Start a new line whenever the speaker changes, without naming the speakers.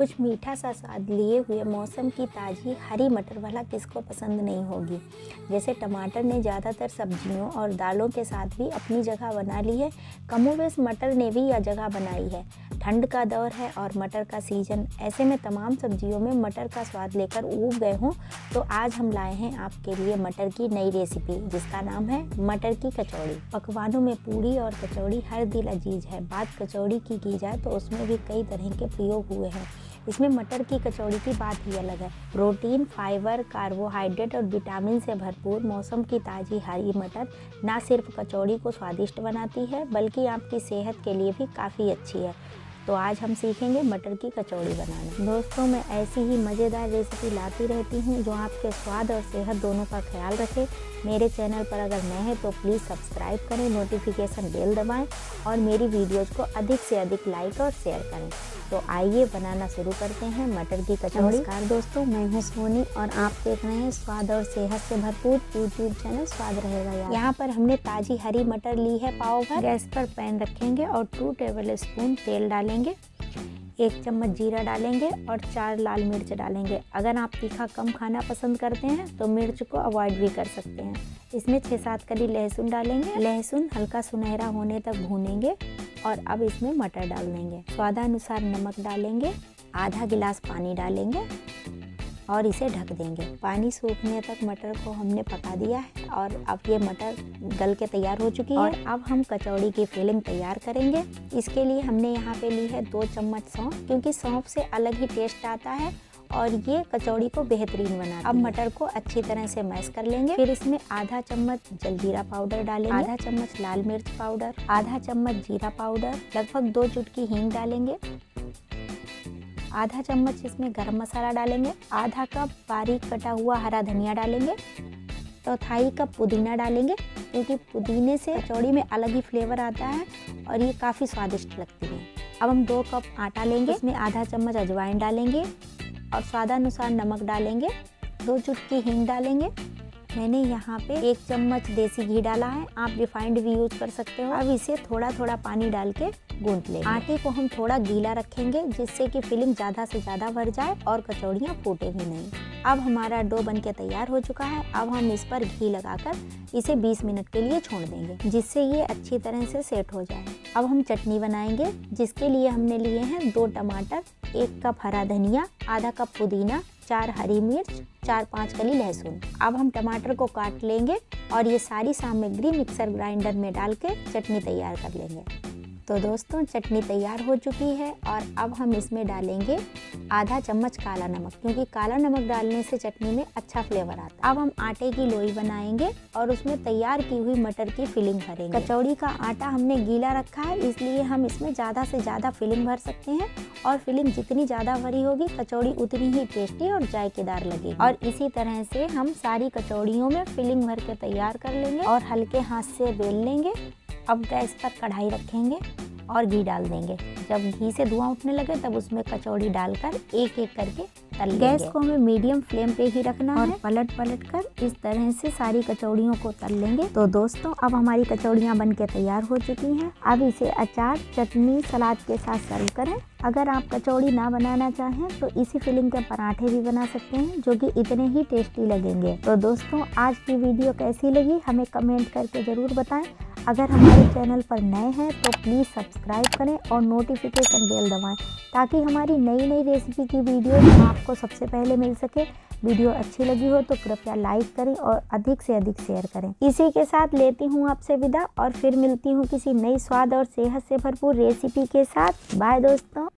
कुछ मीठा सा स्वाद लिए हुए मौसम की ताज़ी हरी मटर वाला किसको पसंद नहीं होगी जैसे टमाटर ने ज़्यादातर सब्जियों और दालों के साथ भी अपनी जगह बना ली है कमोवेश मटर ने भी यह जगह बनाई है ठंड का दौर है और मटर का सीज़न ऐसे में तमाम सब्जियों में मटर का स्वाद लेकर उग गए हों तो आज हम लाए हैं आपके लिए मटर की नई रेसिपी जिसका नाम है मटर की कचौड़ी पकवानों में पूड़ी और कचौड़ी हर दिल अजीज है बात कचौड़ी की की जाए तो उसमें भी कई तरह के प्रयोग हुए हैं इसमें मटर की कचौड़ी की बात ही अलग है प्रोटीन फाइबर कार्बोहाइड्रेट और विटामिन से भरपूर मौसम की ताज़ी हरी मटर ना सिर्फ कचौड़ी को स्वादिष्ट बनाती है बल्कि आपकी सेहत के लिए भी काफ़ी अच्छी है तो आज हम सीखेंगे मटर की कचौड़ी बनाना दोस्तों मैं ऐसी ही मज़ेदार रेसिपी लाती रहती हूँ जो आपके स्वाद और सेहत दोनों का ख्याल रखे मेरे चैनल पर अगर नए हैं तो प्लीज़ सब्सक्राइब करें नोटिफिकेशन बेल दबाएं और मेरी वीडियोज़ को अधिक से अधिक लाइक और शेयर करें तो आइए बनाना शुरू करते हैं मटर की कचौड़ी नमस्कार दोस्तों मैं हूँ सोनी और आप देख रहे हैं स्वाद और सेहत से भरपूर यूट्यूब चैनल स्वाद रहेगा यार यहाँ पर हमने ताजी हरी मटर ली है पाव भर गैस पर पैन रखेंगे और टू टेबल स्पून तेल डालेंगे एक चम्मच जीरा डालेंगे और चार लाल मिर्च डालेंगे अगर आप तीखा कम खाना पसंद करते हैं तो मिर्च को अवॉइड भी कर सकते हैं इसमें छः सात कली लहसुन डालेंगे लहसुन हल्का सुनहरा होने तक भूनेंगे और अब इसमें मटर डाल देंगे स्वादानुसार नमक डालेंगे आधा गिलास पानी डालेंगे और इसे ढक देंगे पानी सूखने तक मटर को हमने पका दिया है और अब ये मटर गल के तैयार हो चुकी है अब हम कचौड़ी की फिलिंग तैयार करेंगे इसके लिए हमने यहाँ पे ली है दो चम्मच सौंफ क्योंकि सौंफ से अलग ही टेस्ट आता है और ये कचौड़ी को बेहतरीन बना अब मटर को अच्छी तरह से मैश कर लेंगे फिर इसमें आधा चम्मच जलजीरा पाउडर डालेंगे आधा चम्मच लाल मिर्च पाउडर आधा चम्मच जीरा पाउडर लगभग दो चुटकी हींग डालेंगे आधा चम्मच इसमें गरम मसाला डालेंगे आधा कप बारीक कटा हुआ हरा धनिया डालेंगे चौथाई तो कप पुदीना डालेंगे क्योंकि पुदीने से कचौड़ी में अलग ही फ्लेवर आता है और ये काफ़ी स्वादिष्ट लगती है अब हम दो कप आटा लेंगे इसमें आधा चम्मच अजवाइन डालेंगे और स्वादानुसार नमक डालेंगे दो चुटकी हिंग डालेंगे मैंने यहाँ पे एक चम्मच देसी घी डाला है आप रिफाइंड भी यूज कर सकते हो अब इसे थोड़ा थोड़ा पानी डाल के गूंथ लें आटे को हम थोड़ा गीला रखेंगे जिससे कि फिलिंग ज़्यादा से ज़्यादा भर जाए और कचौड़ियाँ फूटे भी नहीं अब हमारा डो बन के तैयार हो चुका है अब हम इस पर घी लगाकर इसे 20 मिनट के लिए छोड़ देंगे जिससे ये अच्छी तरह से सेट हो जाए अब हम चटनी बनाएंगे जिसके लिए हमने लिए हैं दो टमाटर एक कप हरा धनिया आधा कप पुदीना चार हरी मिर्च चार पाँच कली लहसुन अब हम टमाटर को काट लेंगे और ये सारी सामग्री मिक्सर ग्राइंडर में डाल के चटनी तैयार कर लेंगे तो दोस्तों चटनी तैयार हो चुकी है और अब हम इसमें डालेंगे आधा चम्मच काला नमक क्योंकि काला नमक डालने से चटनी में अच्छा फ्लेवर आता है अब हम आटे की लोई बनाएंगे और उसमें तैयार की हुई मटर की फिलिंग भरेंगे कचौड़ी का आटा हमने गीला रखा है इसलिए हम इसमें ज़्यादा से ज़्यादा फिलिंग भर सकते हैं और फिलिंग जितनी ज़्यादा भरी होगी कचौड़ी उतनी ही टेस्टी और जायकेदार लगेगी और इसी तरह से हम सारी कचौड़ियों में फिलिंग भर के तैयार कर लेंगे और हल्के हाथ से बेल लेंगे अब गैस पर कढ़ाई रखेंगे और घी डाल देंगे जब घी से धुआं उठने लगे तब उसमें कचौड़ी डालकर एक एक करके तल गैस को हमें मीडियम फ्लेम पे ही रखना और है पलट पलट कर इस तरह से सारी कचौड़ियों को तल लेंगे तो दोस्तों अब हमारी कचौड़ियाँ बन के तैयार हो चुकी हैं अब इसे अचार चटनी सलाद के साथ सर्व करें अगर आप कचौड़ी ना बनाना चाहें तो इसी फिलिंग के पराठे भी बना सकते हैं जो कि इतने ही टेस्टी लगेंगे तो दोस्तों आज की वीडियो कैसी लगी हमें कमेंट करके ज़रूर बताएं अगर हमारे चैनल पर नए हैं तो प्लीज़ सब्सक्राइब करें और नोटिफिकेशन बेल दबाएं ताकि हमारी नई नई रेसिपी की वीडियो आपको सबसे पहले मिल सके वीडियो अच्छी लगी हो तो कृपया लाइक करें और अधिक से अधिक शेयर करें इसी के साथ लेती हूँ आपसे विदा और फिर मिलती हूँ किसी नई स्वाद और सेहत से भरपूर रेसिपी के साथ बाय दोस्तों